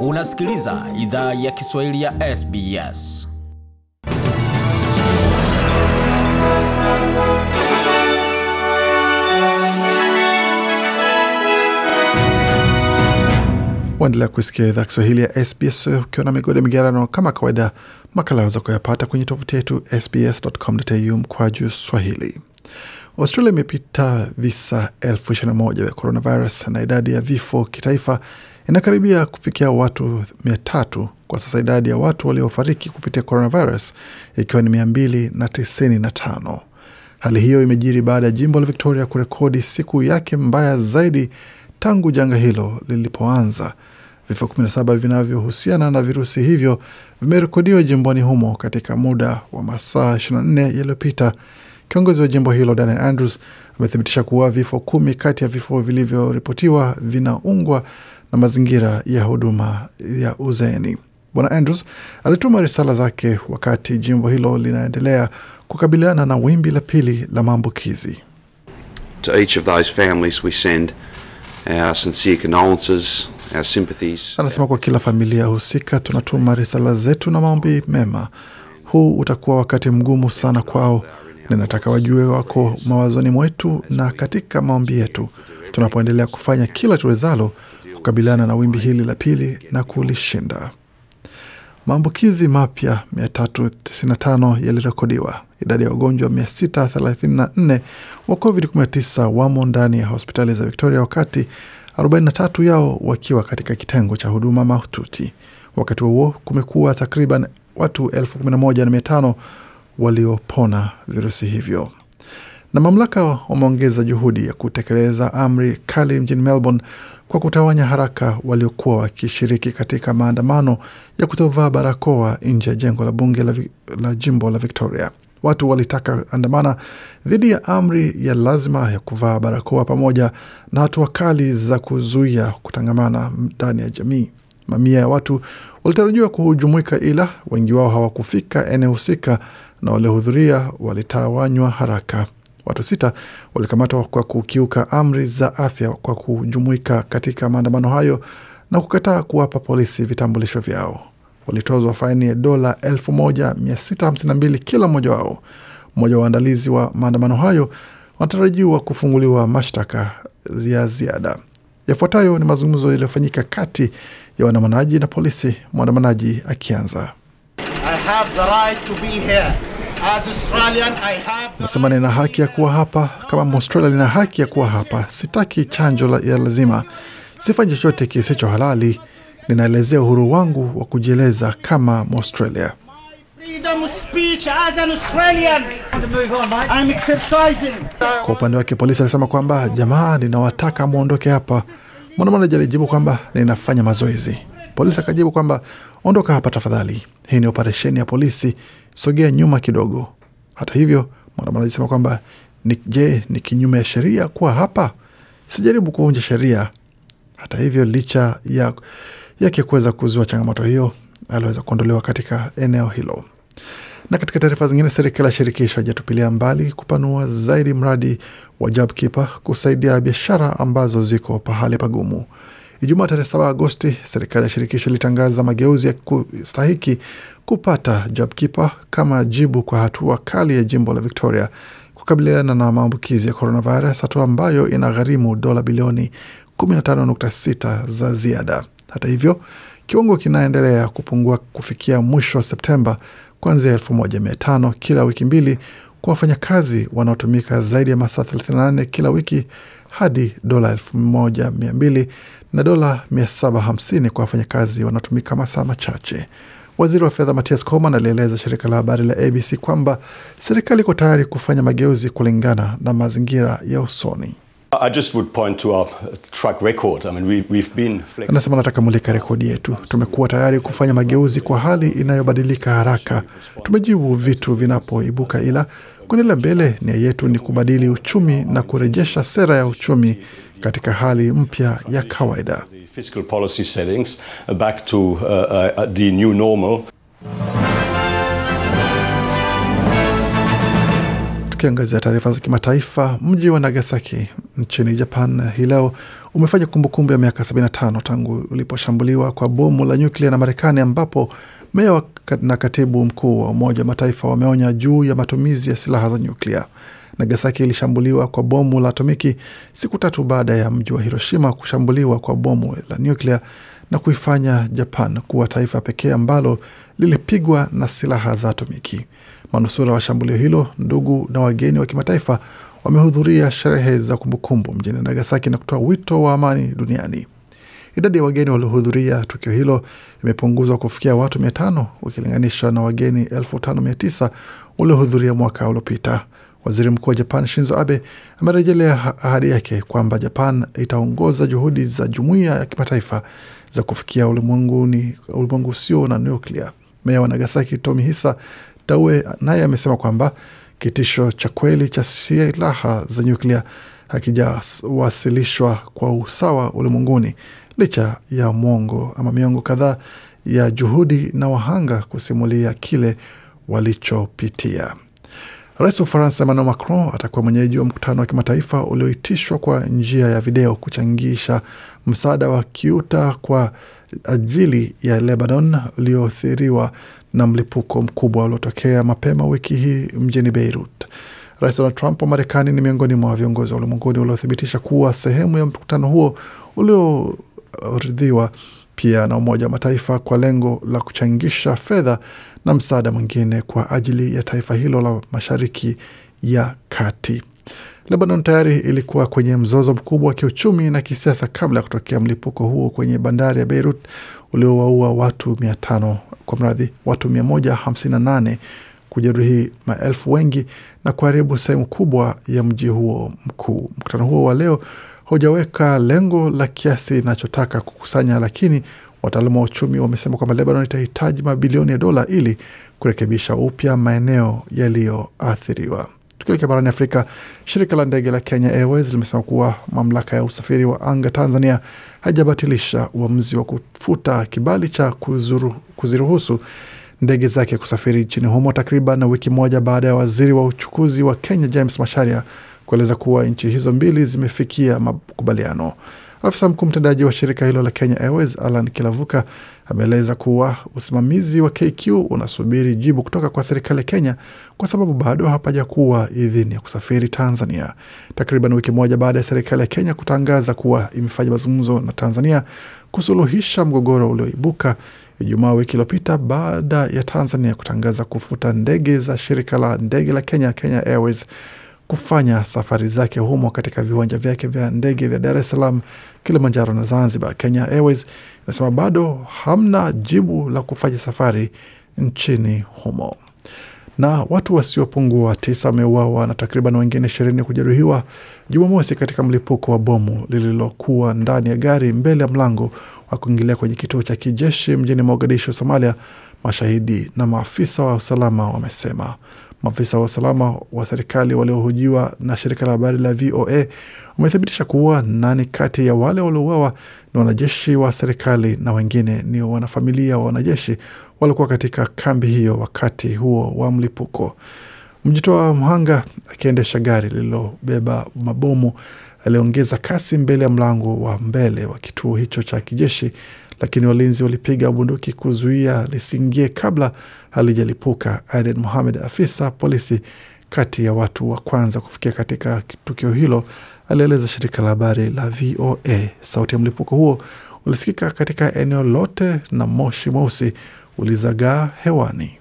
Unasikiliza idhaa ya Kiswahili ya SBS. Waendelea kuisikia idhaa Kiswahili ya SBS ukiwa na migode migerano. Kama kawaida, makala aweza kuyapata kwenye tovuti yetu sbs.com.au juu Swahili. Australia imepita visa elfu ishirini na moja vya coronavirus na idadi ya vifo kitaifa inakaribia kufikia watu mia tatu kwa sasa, idadi ya watu waliofariki kupitia coronavirus ikiwa ni mia mbili na tisini na tano. Hali hiyo imejiri baada ya jimbo la Victoria kurekodi siku yake mbaya zaidi tangu janga hilo lilipoanza. Vifo 17 vinavyohusiana na virusi hivyo vimerekodiwa jimboni humo katika muda wa masaa 24 yaliyopita, Kiongozi wa jimbo hilo Dan Andrews amethibitisha kuwa vifo kumi kati ya vifo vilivyoripotiwa vinaungwa na mazingira ya huduma ya uzeni Bwana Andrews alituma risala zake wakati jimbo hilo linaendelea kukabiliana na wimbi la pili la maambukizi. To each of those families we send our sincere condolences, our sympathies. Anasema kwa kila familia husika tunatuma risala zetu na maombi mema. Huu utakuwa wakati mgumu sana kwao na nataka wajue wako mawazoni mwetu na katika maombi yetu, tunapoendelea kufanya kila tuwezalo kukabiliana na wimbi hili la pili na kulishinda. Maambukizi mapya 395 yalirekodiwa. Idadi ya wagonjwa 634 wa COVID-19 wamo ndani ya hospitali za Victoria, wakati 43 yao wakiwa katika kitengo cha huduma mahututi. Wakati huo kumekuwa takriban watu 115 waliopona virusi hivyo. Na mamlaka wameongeza juhudi ya kutekeleza amri kali mjini Melbourne kwa kutawanya haraka waliokuwa wakishiriki katika maandamano ya kutovaa barakoa nje ya jengo la bunge la, la jimbo la Victoria. Watu walitaka andamana dhidi ya amri ya lazima ya kuvaa barakoa pamoja na hatua kali za kuzuia kutangamana ndani ya jamii. Mamia ya watu walitarajiwa kujumuika, ila wengi wao hawakufika eneo husika na waliohudhuria walitawanywa haraka. Watu sita walikamatwa kwa kukiuka amri za afya kwa kujumuika katika maandamano hayo na kukataa kuwapa polisi vitambulisho vyao. Walitozwa faini ya dola 1652 kila mmoja wao. Mmoja wa waandalizi wa maandamano hayo wanatarajiwa kufunguliwa mashtaka ya ziada. Yafuatayo ni mazungumzo yaliyofanyika kati ya waandamanaji na polisi, mwandamanaji akianza I have the right to be here. Nasema nina haki ya kuwa hapa kama Mwaustralia, nina haki ya kuwa hapa. Sitaki chanjo la ya lazima, sifanyi chochote kisicho halali. Ninaelezea uhuru wangu wa kujieleza kama Mwaustralia. Kwa upande wake, polisi alisema kwamba jamaa, ninawataka mwondoke hapa. Mwanamanaji alijibu kwamba ninafanya mazoezi. Polisi akajibu kwamba ondoka hapa tafadhali, hii ni operesheni ya polisi, sogea nyuma kidogo. Hata hivyo, mwandamanaji alisema kwamba je, ni kinyume ya sheria kuwa hapa? Sijaribu kuvunja sheria. Hata hivyo, licha ya yake kuweza kuzua changamoto hiyo, aliweza kuondolewa katika eneo hilo. Na katika taarifa zingine, serikali ya shirikisho haijatupilia mbali kupanua zaidi mradi wa JobKeeper kusaidia biashara ambazo ziko pahali pagumu. Ijumaa tarehe 7 Agosti, serikali ya shirikisho ilitangaza mageuzi ya kustahiki kupata JobKeeper kama jibu kwa hatua kali ya jimbo la Victoria kukabiliana na maambukizi ya coronavirus, hatua ambayo inagharimu dola bilioni 15.6 za ziada. Hata hivyo, kiwango kinaendelea kupungua kufikia mwisho wa Septemba kuanzia 1500 kila wiki mbili kwa wafanyakazi wanaotumika zaidi ya masaa 38 kila wiki hadi dola 1200 na dola 750 kwa wafanyakazi wanaotumika masaa machache. Waziri wa fedha Matias Coman alieleza shirika la habari la ABC kwamba serikali iko tayari kufanya mageuzi kulingana na mazingira ya usoni. Anasema nataka mulika rekodi yetu. Tumekuwa tayari kufanya mageuzi kwa hali inayobadilika haraka. Tumejibu vitu vinapoibuka, ila kuendelea mbele, nia yetu ni kubadili uchumi na kurejesha sera ya uchumi katika hali mpya ya kawaida. Tukiangazia taarifa za kimataifa, mji wa Nagasaki nchini Japan hii leo umefanya kumbukumbu ya miaka 75 tangu uliposhambuliwa kwa bomu la nyuklia na Marekani, ambapo meya na katibu mkuu wa Umoja wa Mataifa wameonya juu ya matumizi ya silaha za nyuklia. Nagasaki ilishambuliwa kwa bomu la atomiki siku tatu baada ya mji wa Hiroshima kushambuliwa kwa bomu la nyuklia na kuifanya Japan kuwa taifa pekee ambalo lilipigwa na silaha za atomiki. Manusura wa shambulio hilo, ndugu na wageni wa kimataifa, wamehudhuria sherehe za kumbukumbu mjini Nagasaki na kutoa wito wa amani duniani. Idadi ya wageni waliohudhuria tukio hilo imepunguzwa kufikia watu mia tano ukilinganishwa na wageni elfu tano mia tisa waliohudhuria mwaka uliopita. Waziri Mkuu wa Japan Shinzo Abe amerejelea ahadi yake kwamba Japan itaongoza juhudi za jumuiya ya kimataifa za kufikia ulimwengu usio na nuklia. Meya wa Nagasaki Tomi Hisa Dawe naye amesema kwamba kitisho cha kweli cha silaha za nyuklia hakijawasilishwa kwa usawa ulimwenguni licha ya mwongo ama miongo kadhaa ya juhudi na wahanga kusimulia kile walichopitia. Rais wa Ufaransa Emmanuel Macron atakuwa mwenyeji wa mkutano wa kimataifa ulioitishwa kwa njia ya video kuchangisha msaada wa kiuta kwa ajili ya Lebanon ulioathiriwa na mlipuko mkubwa uliotokea mapema wiki hii mjini Beirut. Rais Donald Trump wa Marekani ni miongoni mwa viongozi wa ulimwenguni waliothibitisha kuwa sehemu ya mkutano huo ulioridhiwa pia na Umoja wa Mataifa kwa lengo la kuchangisha fedha na msaada mwingine kwa ajili ya taifa hilo la Mashariki ya Kati. Lebanon tayari ilikuwa kwenye mzozo mkubwa wa kiuchumi na kisiasa kabla ya kutokea mlipuko huo kwenye bandari ya Beirut uliowaua watu mia tano kwa mradhi watu 158 kujeruhi maelfu wengi na kuharibu sehemu kubwa ya mji huo mkuu. Mkutano huo wa leo hujaweka lengo la kiasi inachotaka kukusanya, lakini wataalamu wa uchumi wamesema kwamba Lebanon itahitaji mabilioni ya dola ili kurekebisha upya maeneo yaliyoathiriwa tukilekea barani Afrika, shirika la ndege la Kenya Airways limesema kuwa mamlaka ya usafiri wa anga Tanzania haijabatilisha uamuzi wa kufuta kibali cha kuzuru, kuziruhusu ndege zake kusafiri nchini humo takriban wiki moja baada ya waziri wa uchukuzi wa Kenya James Masharia kueleza kuwa nchi hizo mbili zimefikia makubaliano. Afisa mkuu mtendaji wa shirika hilo la Kenya Airways Alan Kilavuka ameeleza kuwa usimamizi wa KQ unasubiri jibu kutoka kwa serikali ya Kenya kwa sababu bado hapaja kuwa idhini ya kusafiri Tanzania. Takriban wiki moja baada ya serikali ya Kenya kutangaza kuwa imefanya mazungumzo na Tanzania kusuluhisha mgogoro ulioibuka Ijumaa wiki iliyopita baada ya Tanzania kutangaza kufuta ndege za shirika la ndege la Kenya, Kenya Airways kufanya safari zake humo katika viwanja vyake vya ndege vya Dar es Salaam, Kilimanjaro na Zanzibar. Kenya Airways inasema bado hamna jibu la kufanya safari nchini humo. Na watu wasiopungua tisa wameuawa na takriban wengine ishirini kujeruhiwa Jumamosi katika mlipuko wa bomu lililokuwa ndani ya gari mbele ya mlango wa kuingilia kwenye kituo cha kijeshi mjini Mogadishu, Somalia, mashahidi na maafisa wa usalama wamesema. Maafisa wa usalama wa serikali waliohojiwa na shirika la habari la VOA wamethibitisha kuwa nane kati ya wale waliouawa ni wanajeshi wa serikali na wengine ni wanafamilia wa wanajeshi waliokuwa katika kambi hiyo wakati huo wa mlipuko. Mjitoa mhanga akiendesha gari lililobeba mabomu aliongeza kasi mbele ya mlango wa mbele wa kituo hicho cha kijeshi lakini walinzi walipiga bunduki kuzuia lisiingie kabla halijalipuka. Aden muhamed afisa polisi kati ya watu wa kwanza kufikia katika tukio hilo, alieleza shirika la habari la VOA. Sauti ya mlipuko huo ulisikika katika eneo lote na moshi mweusi ulizagaa hewani.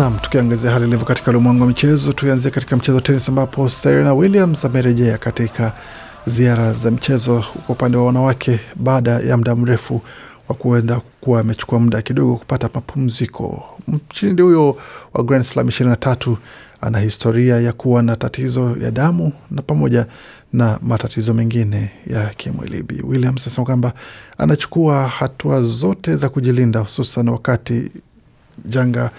Nam, tukiangazia hali ilivyo katika ulimwengu wa michezo, tuanzie katika mchezo wa tenis ambapo Serena Williams amerejea katika ziara za mchezo kwa upande wa wanawake baada ya muda mrefu wa kuenda kuwa amechukua muda kidogo kupata mapumziko. Mshindi huyo wa Grand Slam 23 ana historia ya kuwa na tatizo ya damu na pamoja na matatizo mengine ya kimwili. Bi Williams anasema kwamba anachukua hatua zote za kujilinda, hususan wakati janga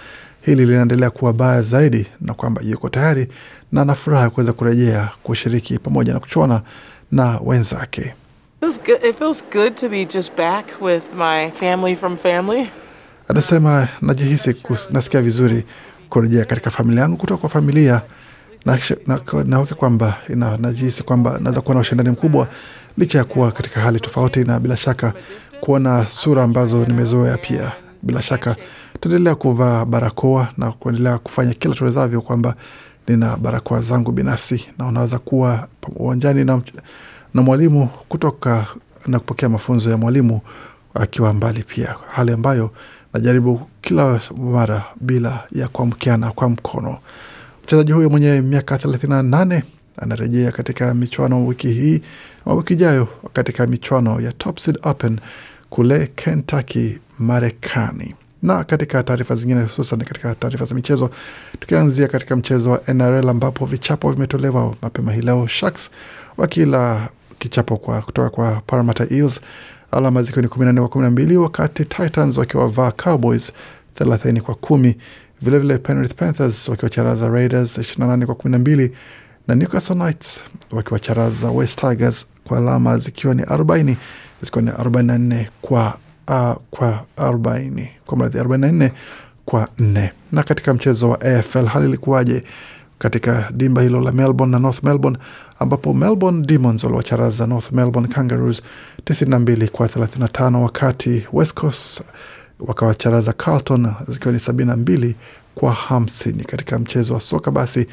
hili linaendelea kuwa baya zaidi, na kwamba yuko tayari na ana furaha ya kuweza kurejea kushiriki pamoja na kuchuana na wenzake. Anasema, najihisi nasikia vizuri kurejea katika familia yangu kutoka kwa familia naoke kwamba najihisi kwamba naweza kuwa na ushindani mkubwa licha ya kuwa katika hali tofauti, na bila shaka kuona sura ambazo nimezoea pia bila shaka tutaendelea kuvaa barakoa na kuendelea kufanya kila tuwezavyo, kwamba nina barakoa zangu binafsi, na unaweza kuwa uwanjani na, na mwalimu kutoka na kupokea mafunzo ya mwalimu akiwa mbali pia, hali ambayo najaribu kila mara bila ya kuamkiana kwa mkono. Mchezaji huyo mwenye miaka nane anarejea katika michwano wiki hii ama wiki ijayo katika michwano ya Top Seed Open kule Kentucky, Marekani. Na katika taarifa zingine, hususan katika taarifa za michezo, tukianzia katika mchezo wa NRL ambapo vichapo vimetolewa mapema hii leo, Sharks wakila kichapo kwa kutoka kwa Parramatta Eels alama zikiwa ni 14 kwa 12, wakati Titans wakiwavaa Cowboys 30 kwa kumi. Vilevile Penrith Panthers wakiwacharaza Raiders 28 kwa 12 na Newcastle Knights wakiwacharaza West Tigers kwa alama zikiwa ni 40 zikiwa ni 44 kwa uh, kwa 40 kwa mradhi 44 kwa 4. Na katika mchezo wa AFL hali ilikuwaje katika dimba hilo la Melbourne na North Melbourne, ambapo Melbourne Demons waliwacharaza North Melbourne Kangaroos 92 kwa 35, wakati West Coast wakawacharaza Carlton zikiwa ni 72 kwa 50. Katika mchezo wa soka basi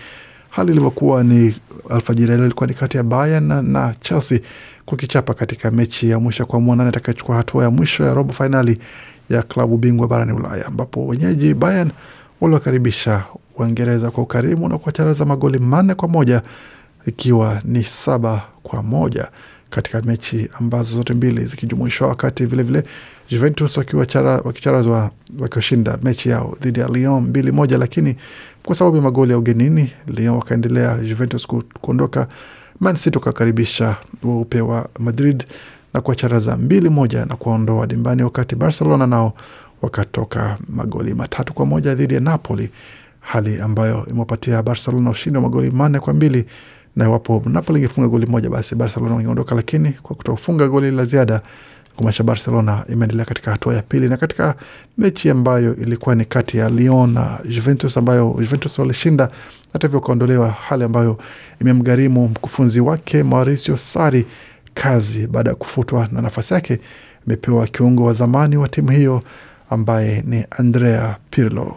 Hali ilivyokuwa ni alfajiri leo ilikuwa ni kati ya Bayern na, na Chelsea kukichapa katika mechi ya mwisho kwa mwanane atakayechukua hatua ya mwisho ya robo fainali ya klabu bingwa barani Ulaya, ambapo wenyeji Bayern waliwakaribisha Uingereza kwa ukarimu na kuwacharaza magoli manne kwa moja ikiwa ni saba kwa moja katika mechi ambazo zote mbili zikijumuishwa, wakati vilevile vile Juventus wakicharazwa wakiwashinda mechi yao dhidi ya Lyon mbili moja, lakini kwa sababu ya magoli ya ugenini Lyon wakaendelea Juventus kuondoka. Man City wakakaribisha weupe wa Madrid na kuwacharaza mbili moja na kuwaondoa dimbani, wakati Barcelona nao wakatoka magoli matatu kwa moja dhidi ya Napoli, hali ambayo imewapatia Barcelona ushindi wa magoli manne kwa mbili na iwapo Napoli ingefunga goli moja basi Barcelona wangeondoka, lakini kwa kutofunga goli la ziada kumaanisha Barcelona imeendelea katika hatua ya pili, na katika mechi ambayo ilikuwa ni kati ya Lyon na Juventus ambayo Juventus walishinda, hata hivyo ukaondolewa, hali ambayo imemgharimu mkufunzi wake Mauricio Sarri kazi baada ya kufutwa, na nafasi yake imepewa kiungo wa zamani wa timu hiyo ambaye ni Andrea Pirlo.